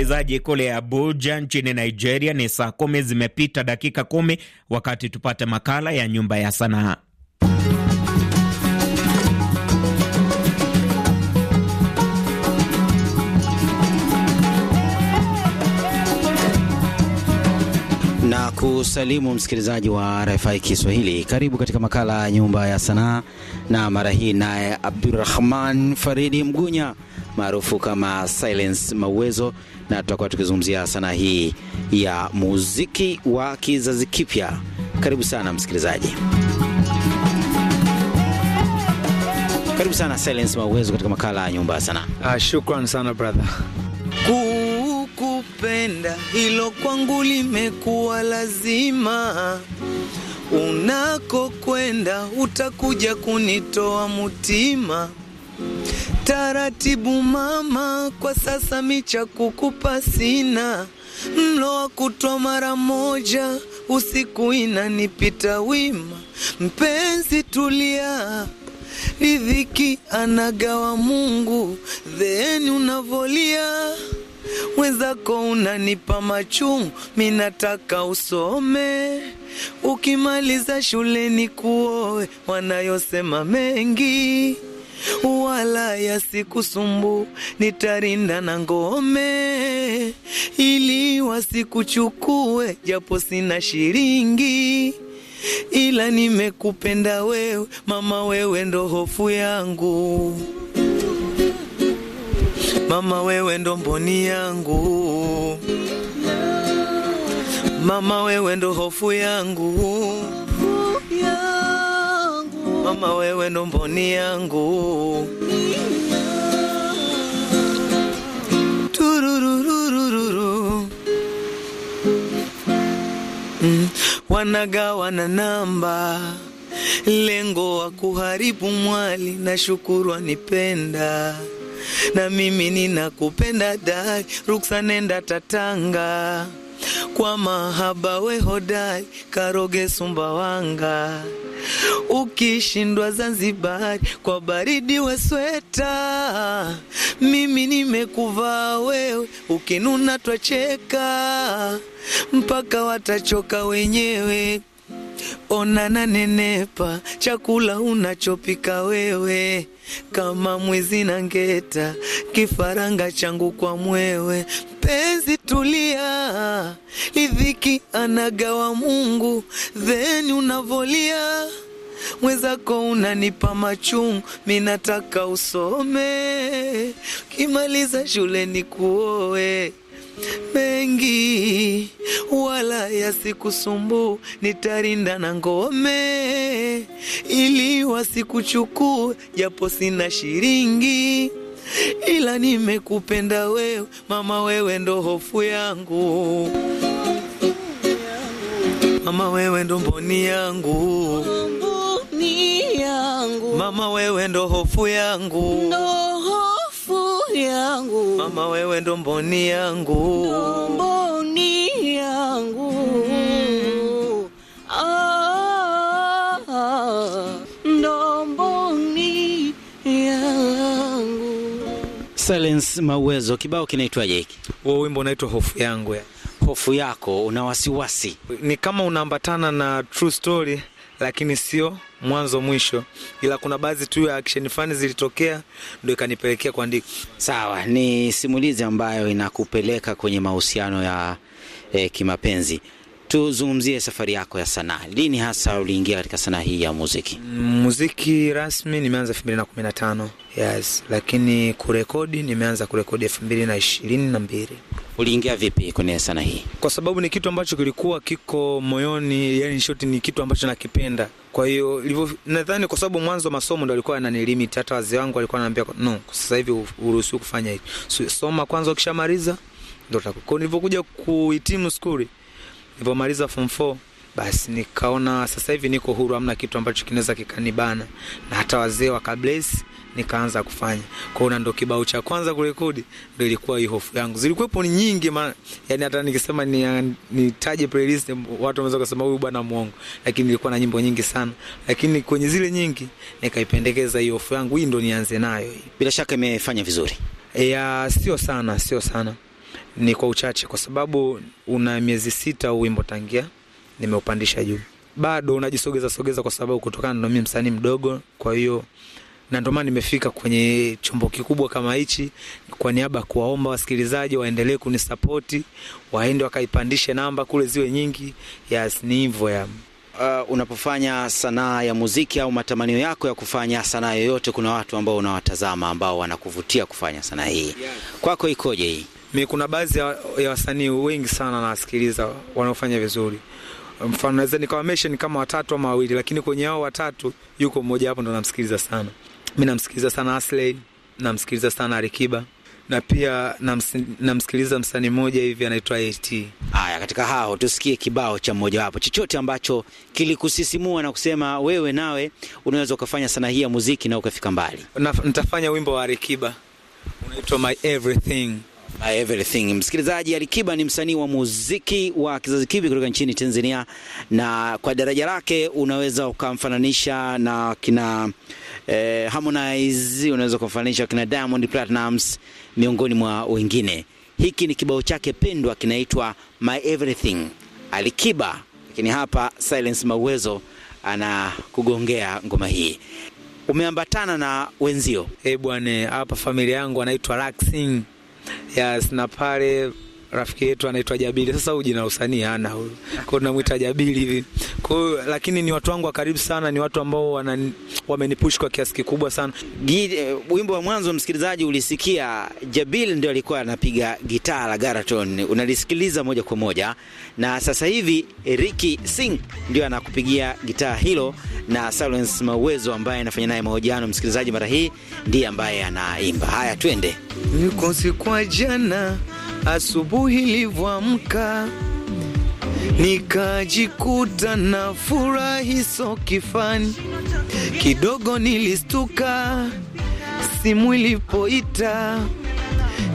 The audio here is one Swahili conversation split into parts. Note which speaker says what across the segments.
Speaker 1: Msikilizaji kule Abuja nchini Nigeria ni saa kumi zimepita dakika kumi, wakati
Speaker 2: tupate makala ya nyumba ya sanaa. na kusalimu msikilizaji wa RFI Kiswahili. Karibu katika makala ya nyumba ya sanaa, na mara hii naye Abdurrahman Faridi Mgunya maarufu kama Silence Mawezo, na tutakuwa tukizungumzia sanaa hii ya muziki wa kizazi kipya. Karibu sana msikilizaji. Karibu sana Silence Mawezo katika makala ya nyumba ya sanaa. Ah, shukran sana brother.
Speaker 3: Kukupenda hilo kwangu limekuwa lazima, unakokwenda utakuja kunitoa mutima taratibu mama, kwa sasa micha kukupa sina, mlo wa kutwa mara moja, usiku inanipita wima. Mpenzi tulia, riziki anagawa Mungu, theni unavolia mwenzako unanipa machungu, minataka usome, ukimaliza shuleni kuoe, wanayosema mengi wala sumbu Nitarinda na ngome ili wasikuchukue, japo sina shilingi, ila nimekupenda wewe mama, wewe ndo hofu yangu mama, wewe ndo mboni yangu mama, wewe ndo hofu yangu mama, wewe ndo mboni yangu turururururu mm, Wanagawa na namba, lengo wa kuharibu mwali. Nashukuru anipenda na mimi ninakupenda dai, ruksa nenda Tatanga kwa mahaba, we hodai karoge Sumbawanga ukishindwa Zanzibari kwa baridi wa sweta, mimi nimekuvaa wewe, ukinuna twacheka mpaka watachoka wenyewe. Onana nenepa chakula unachopika wewe, kama mwizi na ngeta, kifaranga changu kwa mwewe. Mpenzi tulia, idhiki anagawa Mungu, then unavolia mwezako unanipa machungu, minataka usome, kimaliza shule ni kuoe mengi wala yasikusumbu, nitarinda na ngome ili wasikuchukuu, japo sina shilingi, ila nimekupenda wewe mama, wewe ndo hofu yangu mama, wewe ndo mboni yangu mama, wewe ndo hofu yangu no yangu mama, wewe ndo mboni yangu, mm. ah, mboni yangu
Speaker 2: Silence Mauwezo, kibao kinaitwaje hiki? Huo wimbo unaitwa hofu yangu ya. Hofu yako una wasiwasi, ni kama unaambatana na
Speaker 1: true story, lakini sio mwanzo mwisho, ila kuna baadhi tu ya action fani
Speaker 2: zilitokea ndio ikanipelekea kuandika. Sawa, ni simulizi ambayo inakupeleka kwenye mahusiano ya eh, kimapenzi tuzungumzie safari yako ya sanaa. Lini hasa uliingia katika sanaa hii ya muziki?
Speaker 1: Muziki rasmi nimeanza elfu mbili na kumi na tano yes, lakini kurekodi nimeanza kurekodi elfu mbili na ishirini na mbili. Uliingia vipi kwenye sanaa hii? Kwa sababu ni kitu ambacho kilikuwa kiko moyoni, yani shoti ni kitu ambacho nakipenda. Kwa hiyo nadhani kwa sababu mwanzo masomo ndo alikuwa ananilimit, hata wazee wangu walikuwa wananiambia no, sasa hivi uruhusiwi kufanya hivi, soma kwanza, ukishamaliza ndo. Nilivyokuja kuhitimu skuli nilipomaliza form 4 basi nikaona sasa hivi niko huru, amna kitu ambacho kinaweza kikanibana, na hata wazee wa wakabless, nikaanza kufanya. Kwa hiyo ndo kibao cha kwanza kurekodi, ndio ilikuwa hii hofu yangu. Zilikuwepo ni nyingi ma, yani hata nikisema ni nitaje playlist watu wanaweza kusema huyu bwana muongo, lakini nilikuwa na nyimbo nyingi sana, lakini kwenye zile nyingi nikaipendekeza hii hofu yangu, hii ndo nianze nayo Bila shaka imefanya vizuri. Ya, sio sana, sio sana ni kwa uchache, kwa sababu una miezi sita wimbo tangia nimeupandisha juu, bado unajisogeza sogeza, kwa sababu kutokana na mimi msanii mdogo, kwa hiyo na ndio maana nimefika kwenye chombo kikubwa kama hichi, kwa niaba ya kuwaomba wasikilizaji waendelee
Speaker 2: kunisapoti, waende wakaipandishe namba kule ziwe nyingi. Yes, ni hivyo ya Uh, unapofanya sanaa ya muziki au matamanio yako ya kufanya sanaa yoyote, kuna watu ambao unawatazama ambao wanakuvutia kufanya sanaa hii. Kwako ikoje hii? mi kuna baadhi ya,
Speaker 1: ya wasanii wengi sana nawasikiliza wanaofanya vizuri. Mfano naweza nikawa mention kama watatu ama wawili, lakini kwenye hao watatu yuko mmoja hapo ndo namsikiliza sana. Mi namsikiliza sana Asley, namsikiliza sana Alikiba na pia namsikiliza msanii
Speaker 2: mmoja hivi anaitwa AT. Haya, katika hao tusikie kibao cha mmojawapo chochote ambacho kilikusisimua na kusema wewe nawe unaweza ukafanya sanaa hii ya muziki na ukafika mbali. Nitafanya wimbo wa Alikiba unaitwa My Everything everything. Msikilizaji, Alikiba ni msanii wa muziki wa kizazi kipya kutoka nchini Tanzania, na kwa daraja lake unaweza ukamfananisha na kina eh, Harmonize, unaweza kumfananisha kina Diamond Platnumz miongoni mwa wengine. Hiki ni kibao chake pendwa kinaitwa My Everything, Alikiba. Lakini hapa Silence Mauwezo anakugongea ngoma hii umeambatana na wenzio. Eh, bwana hapa familia yangu anaitwa Laxing it's not pale
Speaker 1: rafiki yetu anaitwa Jabili. Sasa huyu jina usanii hana huyu, kwao tunamwita Jabili hivi. Kwa hiyo lakini ni watu wangu wa karibu sana, ni watu ambao wamenipush kwa kiasi kikubwa sana.
Speaker 2: Wimbo wa mwanzo msikilizaji ulisikia Jabili ndio alikuwa anapiga gitaa la Garaton, unalisikiliza moja kwa moja, na sasa hivi Ricky Singh ndio anakupigia gitaa hilo na Silence Mawezo ambaye anafanya naye mahojiano. Msikilizaji, mara hii ndiye ambaye anaimba. Haya, twende mikosi kwa jana Asubuhi
Speaker 3: ilivyoamka nikajikuta na furahi so kifani, kidogo nilistuka, simu ilipoita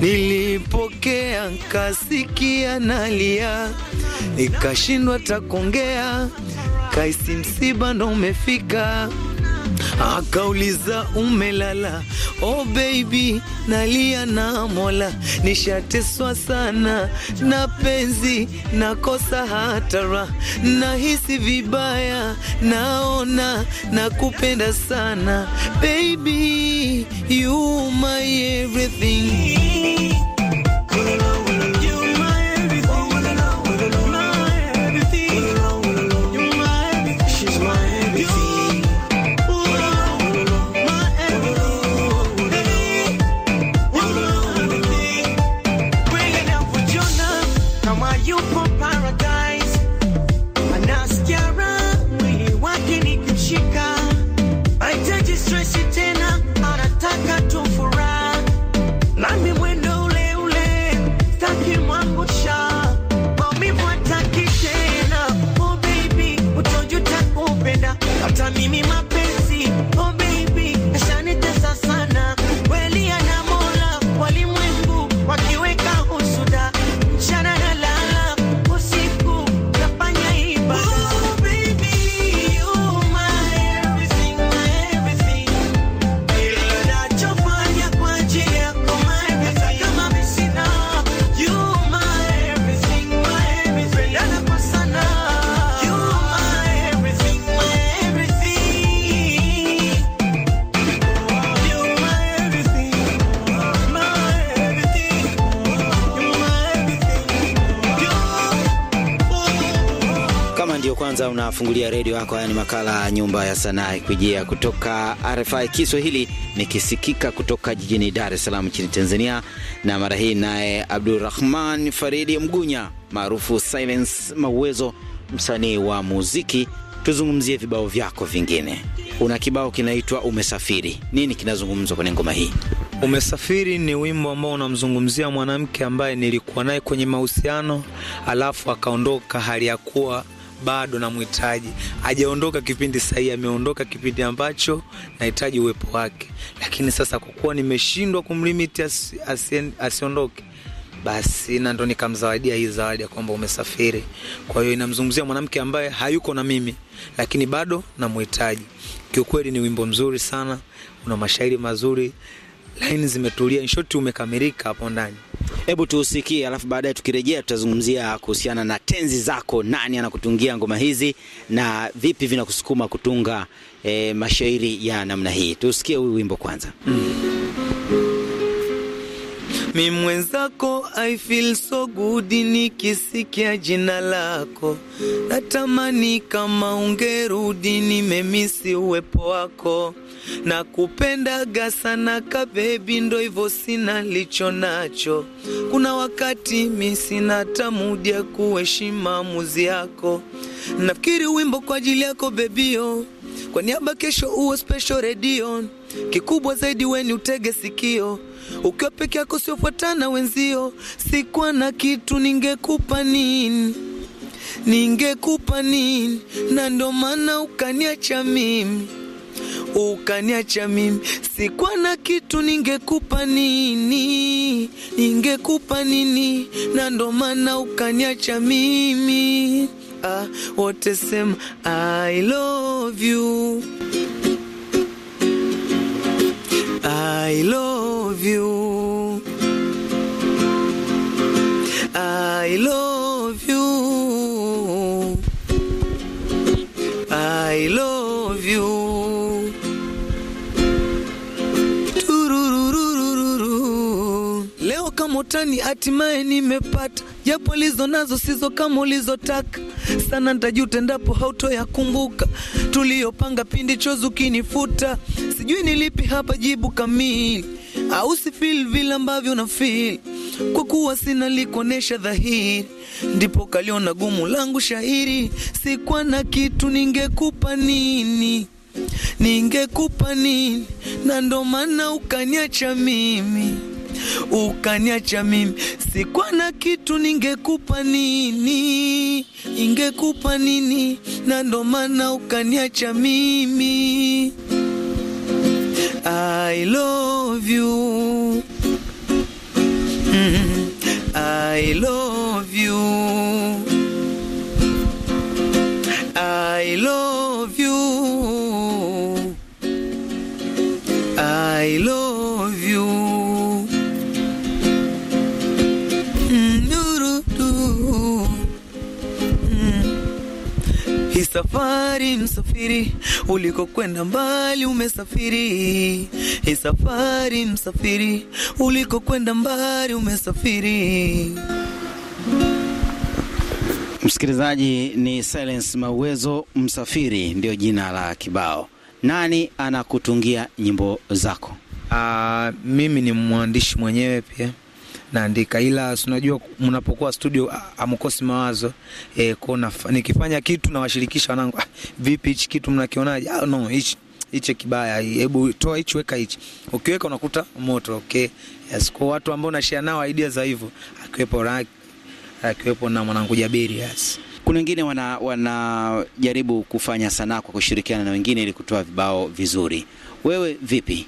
Speaker 3: nilipokea, nkasikia nalia, nikashindwa takuongea, kaisi msiba ndo umefika akauliza umelala? Oh baby, nalia na Mola, nishateswa sana na penzi, nakosa hatara, nahisi vibaya, naona nakupenda sana baby, you my everything
Speaker 2: kwanza unafungulia redio yako. Haya ni makala ya Nyumba ya Sanaa ikujia kutoka RFI Kiswahili, nikisikika kutoka jijini Dar es Salaam nchini Tanzania. Na mara hii naye Abdurahman Faridi Mgunya maarufu Silence Mawezo, msanii wa muziki. Tuzungumzie vibao vyako vingine. Una kibao kinaitwa Umesafiri. Nini kinazungumzwa kwenye ngoma hii?
Speaker 1: Umesafiri ni wimbo ambao unamzungumzia mwanamke ambaye nilikuwa naye kwenye mahusiano, alafu akaondoka hali ya kuwa bado namhitaji. ajaondoka kipindi sahihi, ameondoka kipindi ambacho nahitaji uwepo wake. Lakini sasa kwa kuwa nimeshindwa kumlimiti asiondoke, basi na ndo nikamzawadia hii zawadi ya kwamba umesafiri. Kwa hiyo inamzungumzia mwanamke ambaye hayuko na mimi, lakini bado namhitaji. Kiukweli ni wimbo mzuri sana, una mashairi mazuri
Speaker 2: laini zimetulia, inshoti umekamilika hapo ndani. Hebu tuusikie, alafu baadaye tukirejea tutazungumzia kuhusiana na tenzi zako, nani anakutungia ngoma hizi na vipi vinakusukuma kutunga e, mashairi ya namna hii. Tuusikie huyu wimbo kwanza. mm mi mwenzako, I feel so
Speaker 3: good nikisikia jina lako, natamani kama ungerudi, nimemisi uwepo wako, nakupendaga sana kabebi, ndo hivyo sina licho nacho. Kuna wakati mi sina tamudia kuheshima muzi yako, nafikiri wimbo kwa ajili yako bebio kwa niaba kesho uwe special radio, kikubwa zaidi weni utege sikio, ukiwa peke yako usiofuatana wenzio, sikwa na kitu ningekupa nini, ningekupa nini? Na ndo maana ukaniacha mimi, ukaniacha mimi, sikwa na kitu ningekupa nini, ningekupa nini? Na ndo maana ukaniacha mimi ah, uh, wote sema I love you, I love you, I love you, I love you. leo kama utani hatimaye nimepata japo lizo nazo sizo kama ulizotaka sana, ntajuta ndapo hautoyakumbuka tuliyopanga pindi chozi kinifuta. Sijui nilipi hapa jibu kamili, au si feel vile ambavyo na feel, kwa kuwa sina likuonesha dhahiri, ndipo kaliona gumu langu shahiri. Sikwa na kitu, ningekupa nini? Ningekupa nini? na ndo maana ukaniacha mimi ukaniacha mimi, sikuwa na kitu, ningekupa nini? Ningekupa nini? na ndo maana ukaniacha mimi. I love you. Mm -hmm. I love Mm. Hii safari msafiri, ulikokwenda mbali umesafiri. Hii safari msafiri, ulikokwenda mbali umesafiri.
Speaker 2: Msikilizaji, ni Silence Mauwezo, Msafiri ndio jina la kibao. Nani anakutungia nyimbo zako?
Speaker 1: Uh, mimi ni mwandishi mwenyewe pia naandika, ila unajua mnapokuwa studio amkosi mawazo e, kwa nikifanya kitu nawashirikisha wanangu, ah, vipi hichi kitu mnakionaje? Ah, no hichi hichi kibaya, hebu toa hichi, weka hichi. Ukiweka unakuta moto. Okay, yes. Kwa watu ambao nashare nao idea za hivyo, akiwepo akiwepo na mwanangu
Speaker 2: Jabiri yes. Kuna wengine wana wanajaribu kufanya sanaa kwa kushirikiana na wengine ili kutoa vibao vizuri. Wewe vipi?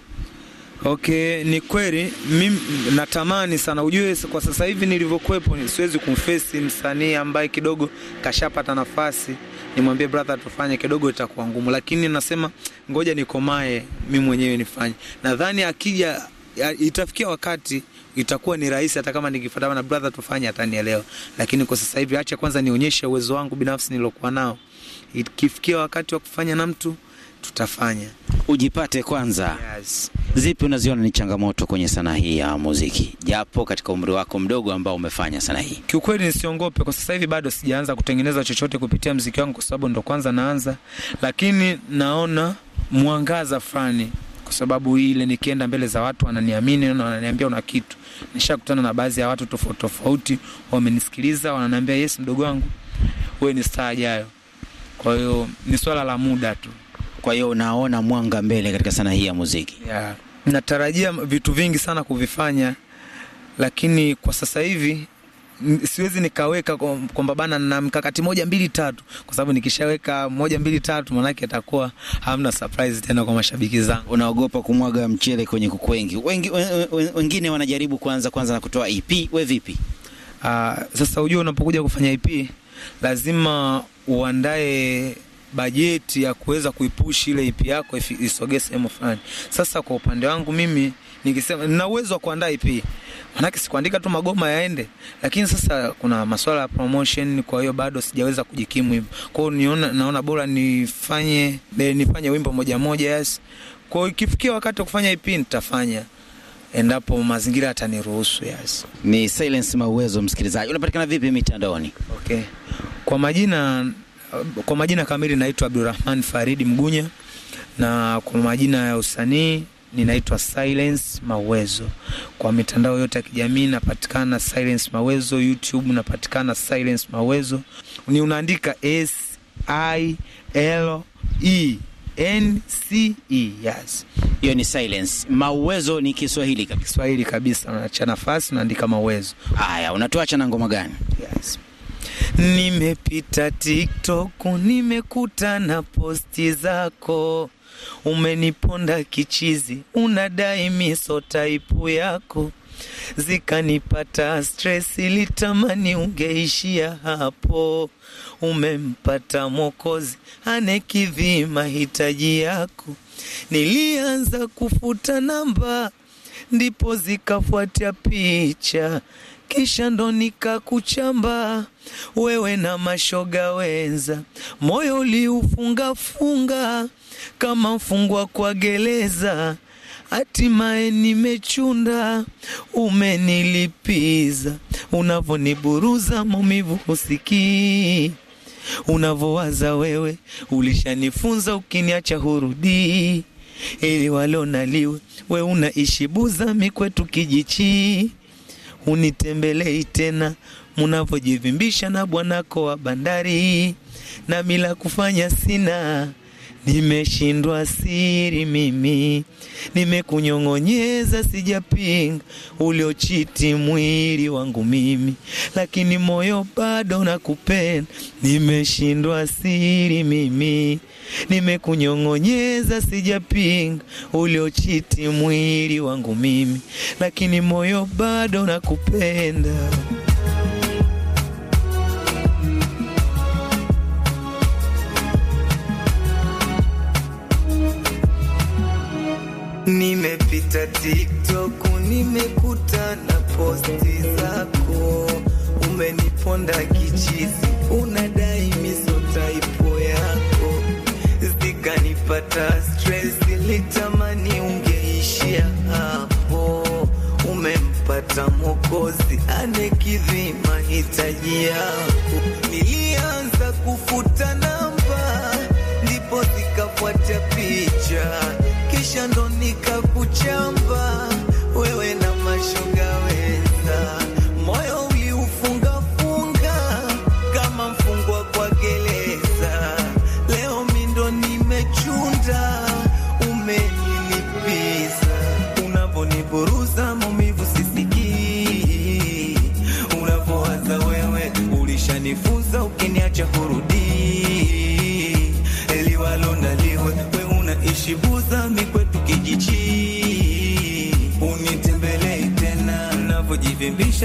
Speaker 1: Okay, ni kweli mimi natamani sana ujue, kwa sasa hivi nilivyokuepo, siwezi kumfesi msanii ambaye kidogo kashapata nafasi nimwambie brother, tufanye kidogo, itakuwa ngumu, lakini nasema ngoja nikomae mimi mwenyewe nifanye. Nadhani akija itafikia wakati itakuwa ni rahisi, hata kama nikifuatana na brother tufanye, atanielewa. Lakini kwa sasa hivi acha kwanza nionyeshe uwezo wangu binafsi nilokuwa nao, ikifikia
Speaker 2: wakati wa kufanya na mtu tutafanya ujipate kwanza. Yes. Zipi unaziona ni changamoto kwenye sanaa hii ya muziki, japo katika umri wako mdogo ambao umefanya sanaa hii?
Speaker 1: Kiukweli nisiongope, kwa sasa hivi bado sijaanza kutengeneza chochote kupitia muziki wangu, kwa sababu ndo kwanza naanza, lakini naona mwangaza fulani kwa sababu ile nikienda mbele za watu wananiamini na wananiambia una kitu. Nishakutana na baadhi ya watu tofauti tofauti, wamenisikiliza wananiambia, yes, mdogo wangu wewe ni staa ajayo. Kwa hiyo ni swala la muda tu. Kwa hiyo
Speaker 2: unaona mwanga mbele katika sanaa hii ya muziki? Yeah.
Speaker 1: Natarajia vitu vingi sana kuvifanya, lakini kwa sasa hivi siwezi nikaweka kwamba bana na mkakati moja mbili tatu, kwa sababu nikishaweka moja mbili tatu, manake atakuwa hamna surprise tena kwa
Speaker 2: mashabiki zangu. Unaogopa kumwaga mchele kwenye kuku wengi? Wengi wengine wanajaribu kwanza kwanza na kutoa EP, we vipi? Ah,
Speaker 1: sasa ujua unapokuja kufanya EP lazima uandae bajeti ya kuweza kuipushi ile EP yako isogee sehemu fulani. Sasa kwa upande wangu mimi nikisema nina uwezo wa kuandaa EP, manake sikuandika tu magoma yaende, lakini sasa kuna masuala ya promotion, kwa hiyo bado sijaweza kujikimu hivyo. Kwa hiyo niona, naona bora nifanye eh, nifanye wimbo moja moja, yes. Kwa hiyo ikifikia wakati wa kufanya EP nitafanya endapo mazingira yataniruhusu, yes. Ni Silence Mauwezo. Msikilizaji, unapatikana vipi mitandaoni? Okay, kwa majina Uh, kwa majina kamili naitwa abdurahman Faridi Mgunya na kwa majina ya usanii ninaitwa Silence Mawezo. Kwa mitandao yote ya kijamii napatikana Silence Mawezo, YouTube napatikana Silence Mawezo. Ni unaandika S I L
Speaker 2: E N C E. Yes. Hiyo ni Silence. Mawezo ni Kiswahili kabisa. Kiswahili kabisa, unaacha nafasi unaandika Mawezo. Haya, unatuacha na ngoma gani?
Speaker 1: Nimepita TikTok, nimekuta na
Speaker 3: posti zako, umeniponda kichizi, unadai miso taipu yako zikanipata stress, ilitamani ungeishia hapo. Umempata Mwokozi anekidhi mahitaji yako. Nilianza kufuta namba, ndipo zikafuatia picha kisha ndo nikakuchamba wewe na mashoga wenza, moyo uliufungafunga kama mfungwa kwa gereza, hatimaye nimechunda, umenilipiza. Unavoniburuza maumivu husikii, unavowaza wewe, ulishanifunza ukiniacha hurudi, ili walonaliwe we unaishi Buzami kwetu kijichi unitembelei tena munapojivimbisha na bwanako wa bandari, na mila kufanya sina, nimeshindwa siri mimi, nimekunyong'onyeza sijapinga, uliochiti mwili wangu mimi, lakini moyo bado nakupenda, nimeshindwa siri mimi nimekunyong'onyeza, sijapinga uliochiti mwili wangu mimi, lakini moyo bado nakupenda. Nimepita TikTok, na posti zako, umeniponda kichizi, unadai kupata stress, nilitamani ungeishia hapo. Umempata Mwokozi anekidhi mahitaji yako. Nilianza kufuta namba, ndipo zikafuata picha, kisha ndo nikakuchamba wewe na mashoga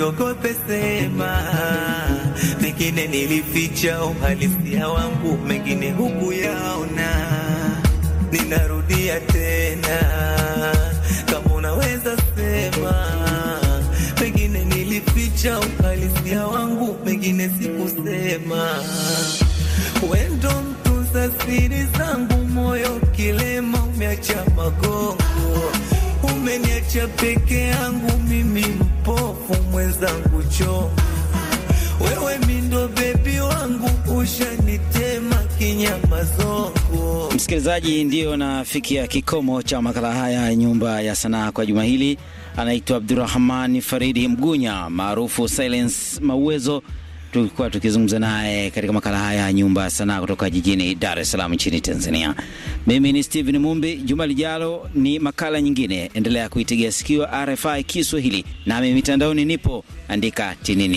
Speaker 3: usiogope, sema. Mengine nilificha uhalisia wangu, mengine hukuyaona. Ninarudia tena, kama unaweza sema. Mengine nilificha uhalisia wangu, mengine sikusema. Wendo mtunza siri zangu, moyo kilema, umeacha magongo, umeniacha peke yangu mimi mchafu mwenzangu cho wewe mindo bebi wangu ushanitema kinyamazoko.
Speaker 2: Msikilizaji, ndiyo nafikia kikomo cha makala haya ya Nyumba ya Sanaa kwa juma hili. Anaitwa Abdurahman Faridi Mgunya maarufu Silence Mauwezo tulikuwa tukizungumza naye katika makala haya ya nyumba ya sanaa kutoka jijini Dar es Salaam nchini Tanzania. Mimi ni Steven Mumbi. Juma lijalo ni makala nyingine, endelea kuitegea sikio RFI Kiswahili, nami mitandaoni nipo andika tinini